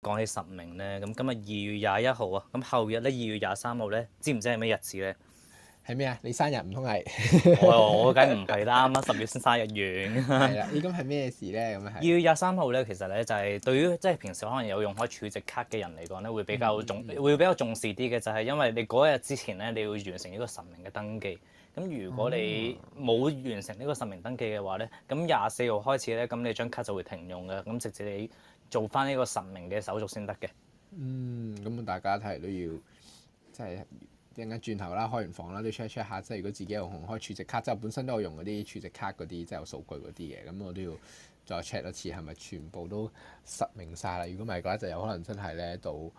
講起實名咧，咁今日二月廿一號啊，咁後日咧二月廿三號咧，知唔知係咩日子咧？係咩啊？你生日唔通係？ 我梗唔係啦，啱啱十月先生日完。係 啦，咁係咩事咧？咁樣，二月廿三號咧，其實咧就係、是、對於即係、就是、平時可能有用開儲值卡嘅人嚟講咧，會比較重、嗯嗯、會比較重視啲嘅，就係、是、因為你嗰日之前咧，你要完成呢個實名嘅登記。咁如果你冇完成呢個實名登記嘅話呢，咁廿四號開始呢，咁你張卡就會停用嘅，咁直至你做翻呢個實名嘅手續先得嘅。嗯，咁大家睇嚟都要，即係陣間轉頭啦，開完房啦，都 check check 下，即係如果自己有紅開儲值卡，即係本身都有用嗰啲儲值卡嗰啲，即係有數據嗰啲嘢，咁我都要再 check 一次，係咪全部都實名晒啦？如果唔係嘅話，就有可能真係呢度。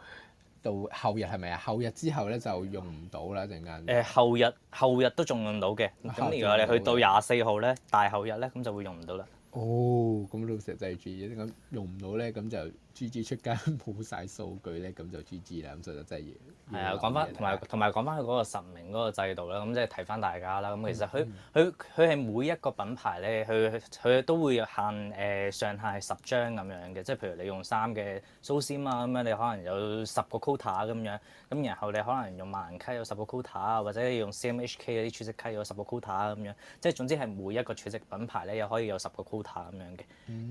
到後日係咪啊？後日之後咧，就用唔到啦一陣間。誒、呃、後日後日都仲用到嘅，咁、啊、如果你去到廿四號咧，大後日咧，咁就會用唔到啦。哦，咁都成實際住，咁用唔到咧，咁就 G G 出街冇晒數據咧，咁就 G G 啦，咁就真係嘢。係啊，講翻同埋同埋講翻佢嗰個實名嗰個制度啦，咁即係提翻大家啦。咁其實佢佢佢係每一個品牌咧，佢佢都會限誒、呃、上限係十張咁樣嘅，即係譬如你用三嘅 SoSIM 啊，咁樣，你可能有十個 quota 咁樣。咁然後你可能用萬能卡有十個 quota 啊，或者你用 CMHK 嗰啲儲值卡有十個 quota 啊咁樣。即係總之係每一個儲值品牌咧又可以有十個 quota。咁樣嘅，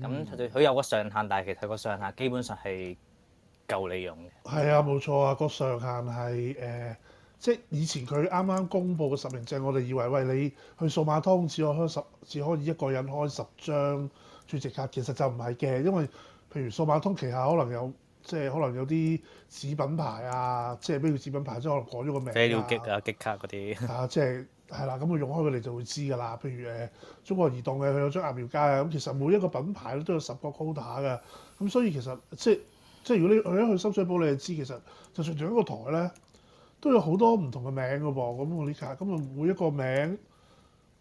咁佢、嗯、有個上限，但係其實個上限基本上係夠你用嘅。係啊，冇錯啊，個上限係誒、呃，即係以前佢啱啱公布嘅實名制，我哋以為喂你去數碼通只可開十，只可以一個人開十張儲值卡，其實就唔係嘅，因為譬如數碼通旗下可能有，即係可能有啲子品牌啊，即係咩叫子品牌，即係可能改咗個名啊，飛鳥激啊，激卡啲啊，即係。係啦，咁佢用開佢哋就會知㗎啦。譬如誒，中國移動嘅佢有張鴨聊佳啊，咁其實每一個品牌咧都有十個 quota 嘅。咁所以其實即即如果你去一去深水埗，你就知其實就算做一個台咧，都有好多唔同嘅名嘅噃。咁我啲卡，咁啊每一個名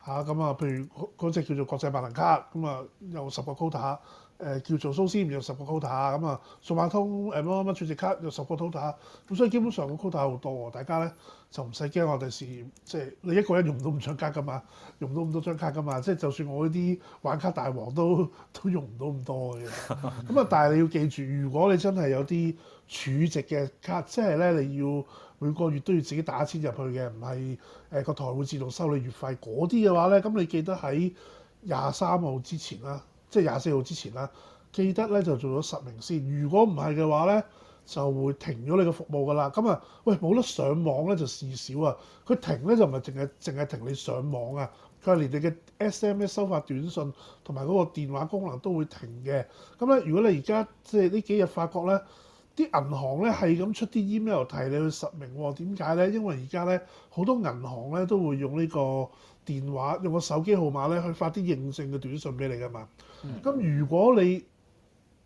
吓，咁啊譬如嗰隻叫做國際萬能卡，咁啊有十個 quota。誒叫做蘇斯，有十個 quota 咁啊，數碼通誒乜乜儲值卡有十個 quota，咁所以基本上個 quota 好多，大家咧就唔使驚我哋試，即係你一個人用唔到五張卡噶嘛，用到咁多張卡噶嘛，即係就算我呢啲玩卡大王都都用唔到咁多嘅。咁、嗯、啊，但係你要記住，如果你真係有啲儲值嘅卡，即係咧你要每個月都要自己打錢入去嘅，唔係誒個台會自動收你月費嗰啲嘅話咧，咁你記得喺廿三號之前啦。即係廿四號之前啦，記得咧就做咗實名先。如果唔係嘅話咧，就會停咗你嘅服務噶啦。咁啊，喂，冇得上網咧就事少啊。佢停咧就唔係淨係淨係停你上網啊，佢係連你嘅 SMS 收發短信同埋嗰個電話功能都會停嘅。咁咧，如果你而家即係呢幾日發覺咧，啲銀行咧係咁出啲 email 提你去實名喎？點解咧？因為而家咧好多銀行咧都會用呢個電話，用個手機號碼咧去發啲認證嘅短信俾你㗎嘛。咁、mm hmm. 如果你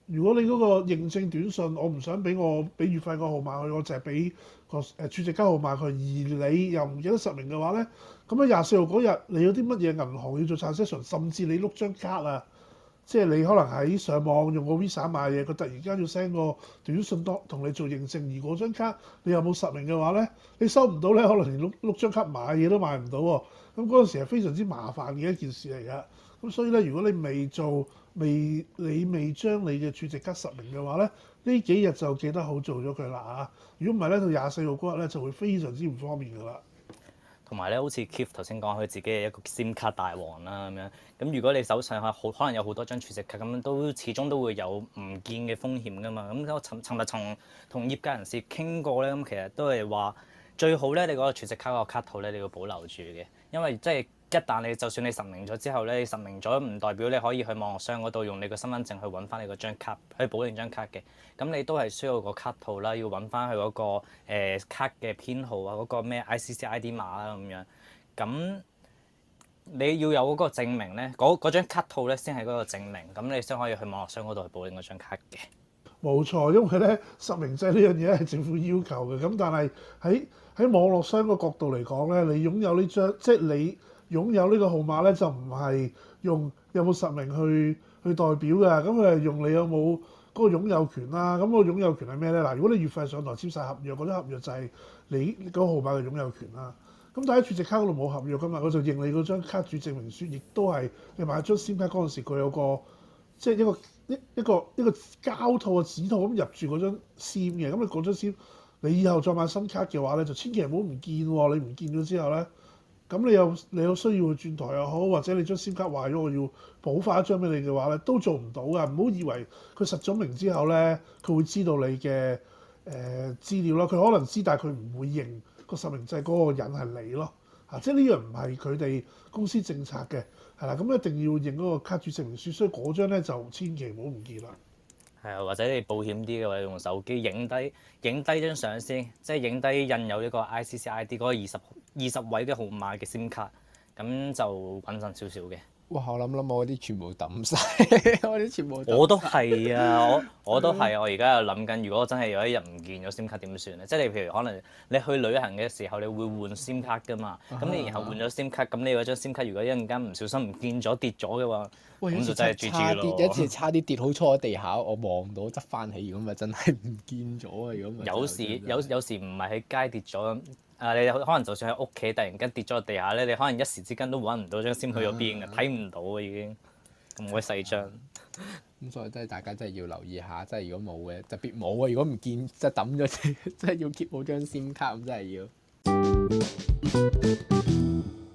如果你嗰個認證短信我唔想俾我俾月費個號碼去，我淨係俾個誒儲值卡號碼佢。而你又唔記得實名嘅話咧，咁喺廿四號嗰日你有啲乜嘢銀行要做 transaction 甚至你碌張卡啊？即係你可能喺上網用個 Visa 買嘢，佢突然間要 send 個短信多同你做認證，而嗰張卡你又有冇實名嘅話咧，你收唔到咧，可能連六碌張卡買嘢都買唔到喎。咁嗰陣時係非常之麻煩嘅一件事嚟噶。咁所以咧，如果你未做未你未將你嘅儲值卡實名嘅話咧，呢幾日就記得好做咗佢啦嚇。如果唔係咧，到廿四號嗰日咧就會非常之唔方便噶啦。同埋咧，好似 Keith 頭先講佢自己係一個 SIM 卡大王啦、啊、咁樣。咁如果你手上係好可能有好多張儲值卡咁樣，都始終都會有唔見嘅風險噶嘛。咁我尋尋日同同業界人士傾過咧，咁其實都係話最好咧，你個儲值卡個卡套咧，你要保留住嘅，因為即係。一旦你就算你實名咗之後咧，你實名咗唔代表你可以去網絡商嗰度用你個身份證去揾翻你嗰張卡去補領張卡嘅，咁你都係需要個卡套啦，要揾翻佢嗰個、呃、卡嘅編號啊，嗰個咩 ICC ID 碼啊，咁樣，咁你要有嗰個證明咧，嗰張卡套咧先係嗰個證明，咁你先可以去網絡商嗰度去補領嗰張卡嘅。冇錯，因為咧實名制呢樣嘢係政府要求嘅，咁但係喺喺網絡商個角度嚟講咧，你擁有呢張即係你。擁有呢個號碼咧，就唔係用有冇實名去去代表㗎。咁佢係用你有冇嗰個擁有權啦、啊。咁、那個擁有權係咩咧？嗱，如果你月費上台簽晒合約，嗰、那、啲、個、合約就係你嗰個號碼嘅擁有權啦、啊。咁但係喺儲值卡嗰度冇合約㗎嘛，佢就認你嗰張卡主證明書，亦都係你買張 SIM 卡嗰陣時，佢有個即係一個一、就是、一個一個膠套嘅紙套咁入住嗰張 SIM 嘅。咁你嗰張 SIM，你以後再買新卡嘅話咧，就千祈唔好唔見喎、哦。你唔見咗之後咧～咁你有你有需要去轉台又好，或者你張 SIM 卡壞咗，我要補返一張俾你嘅話咧，都做唔到㗎。唔好以為佢實咗名之後咧，佢會知道你嘅誒資料咯。佢可能知，但係佢唔會認個實名制嗰個人係你咯。嚇，即係呢樣唔係佢哋公司政策嘅，係啦。咁一定要認嗰個卡主證明書，所以嗰張咧就千祈唔好唔見啦。係啊，或者你保險啲嘅話，用手機影低影低張相先，即係影低印有呢個 I C C I D 嗰個二十。二十位嘅號碼嘅 SIM 卡，咁就穩陣少少嘅。哇！我諗諗，我啲全部抌晒， 我啲全部。我都係啊，我 我都係、啊。我而家又諗緊，如果真係有一日唔見咗 SIM 卡點算咧？即係你譬如可能你去旅行嘅時候，你會換 SIM 卡噶嘛？咁你然後換咗 SIM 卡，咁、啊、你嗰張 SIM 卡如果一陣間唔小心唔見咗、跌咗嘅話，咁就真係絕子咯。一次差啲跌好錯喺地下，我望到執翻起，如果咪真係唔見咗啊！如果 有時有有時唔係喺街跌咗。啊！你可能就算喺屋企，突然間跌咗落地下咧，你可能一時之間都揾唔到張 SIM 去咗邊嘅，睇唔、啊、到啊已經，咁鬼細張，咁、啊、 所以真係大家真係要留意下，真係如果冇嘅，特別冇啊！如果唔見，即係抌咗，即 係要 keep 好張 SIM 卡，咁真係要。